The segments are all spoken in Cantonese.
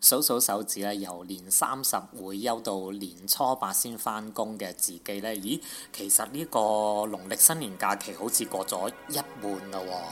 數數手指咧，由年三十會休到年初八先返工嘅自己呢，咦？其實呢個農曆新年假期好似過咗一半咯喎，哦！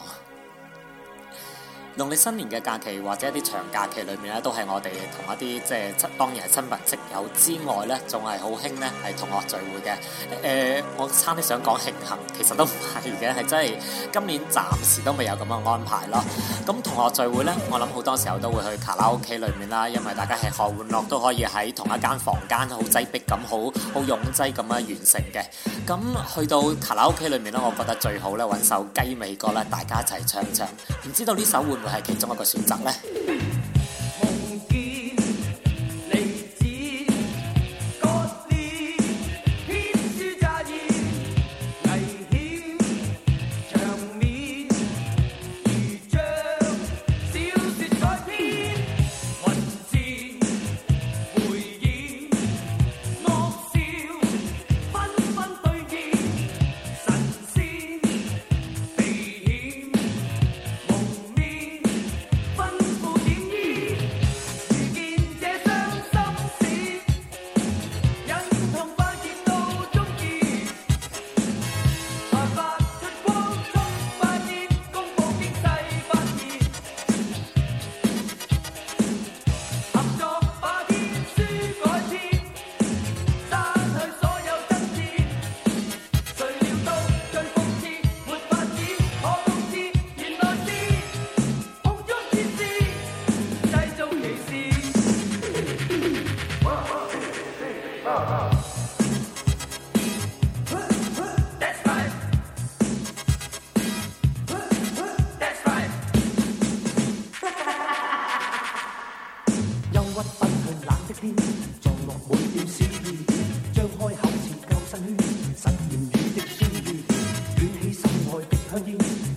農曆新年嘅假期或者一啲長假期裏面咧，都係我哋同一啲即係親，當然係親密戚友之外咧，仲係好興咧係同學聚會嘅。誒、呃，我差啲想講慶幸，其實都唔係嘅，係真係今年暫時都未有咁樣安排咯。咁同學聚會咧，我諗好多時候都會去卡拉 OK 裏面啦，因為大家吃喝玩樂都可以喺同一間房間好擠逼咁，好好擁擠咁樣完成嘅。咁去到卡拉 OK 裏面咧，我覺得最好咧揾首雞尾歌咧，大家一齊唱一唱。唔知道呢首會？係其中一個選擇咧。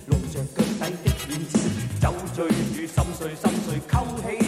露着腳底的面子，酒醉與心碎，心碎溝起。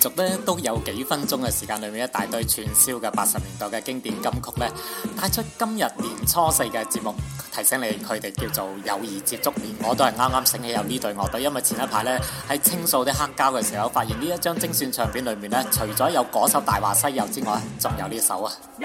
續咧都有幾分鐘嘅時間裏面，一大堆串燒嘅八十年代嘅經典金曲咧，帶出今日年初四嘅節目，提醒你佢哋叫做友誼接觸面。我都係啱啱醒起有呢隊樂隊，因為前一排咧喺清掃啲黑膠嘅時候，發現呢一張精選唱片裏面咧，除咗有嗰首《大話西遊》之外，仲有呢首啊。一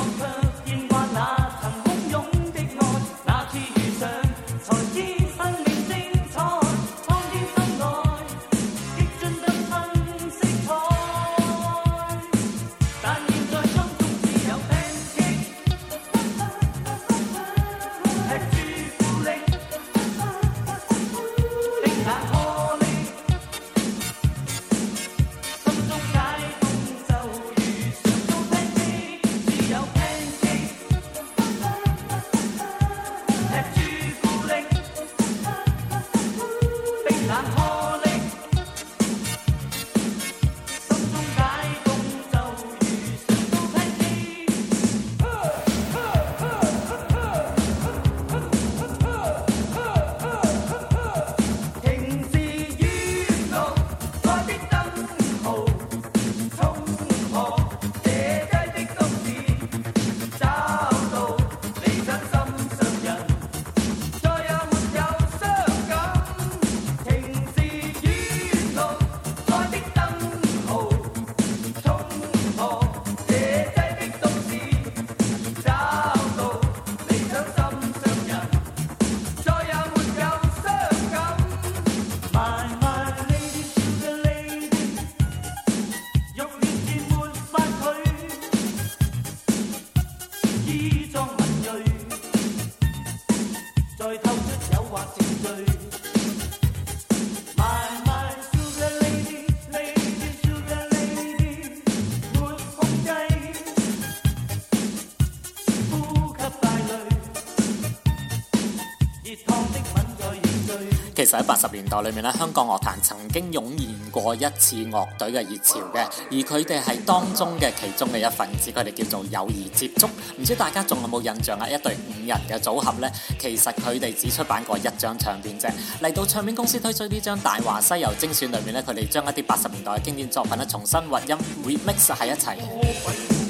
就喺八十年代裏面咧，香港樂壇曾經湧現過一次樂隊嘅熱潮嘅，而佢哋係當中嘅其中嘅一份子，佢哋叫做友誼接觸。唔知大家仲有冇印象啊？一隊五人嘅組合呢，其實佢哋只出版過一張唱片啫。嚟到唱片公司推出呢張《大話西遊》精選裏面咧，佢哋將一啲八十年代嘅經典作品咧重新混音、Remix 喺一齊。Oh,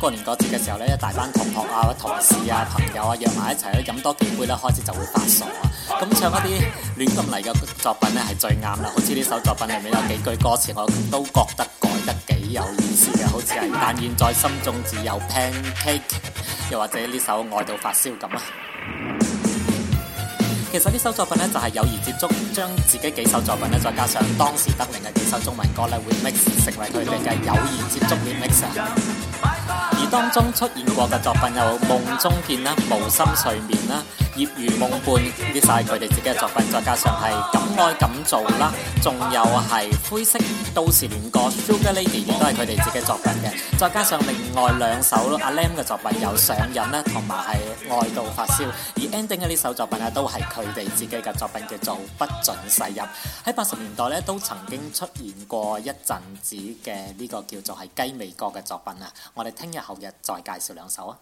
過年過節嘅時候咧，一大班同學啊、同事啊、朋友啊約埋一齊咧，飲多幾杯咧，開始就會發傻。咁、嗯、唱一啲亂咁嚟嘅作品咧，係最啱啦。好似呢首作品入面有幾句歌詞，我都覺得改得幾有意思嘅，好似係。但願在心中自有 pancake，又或者呢首愛到發燒咁啊。其實呢首作品呢，就係友誼接觸，將自己幾首作品呢，再加上當時得令嘅幾首中文歌咧，會 mix 成為佢哋嘅友誼接觸 mixer。而當中出現過嘅作品有《夢中見》啦，《無心睡眠》啦，《夜如夢伴》呢，晒佢哋自己嘅作品，再加上係敢愛敢做啦，仲有係灰色都市戀歌《Sugar Lady》亦都係佢哋自己作品嘅，再加上另外兩首阿 Lam 嘅作品有上癮啦，同埋係愛到發燒，而 Ending 嘅呢首作品啊，都係佢哋自己嘅作品叫做「不准細入，喺八十年代呢，都曾經出現過一陣子嘅呢個叫做係雞尾歌嘅作品啊，我哋聽日後日再介紹兩首啊！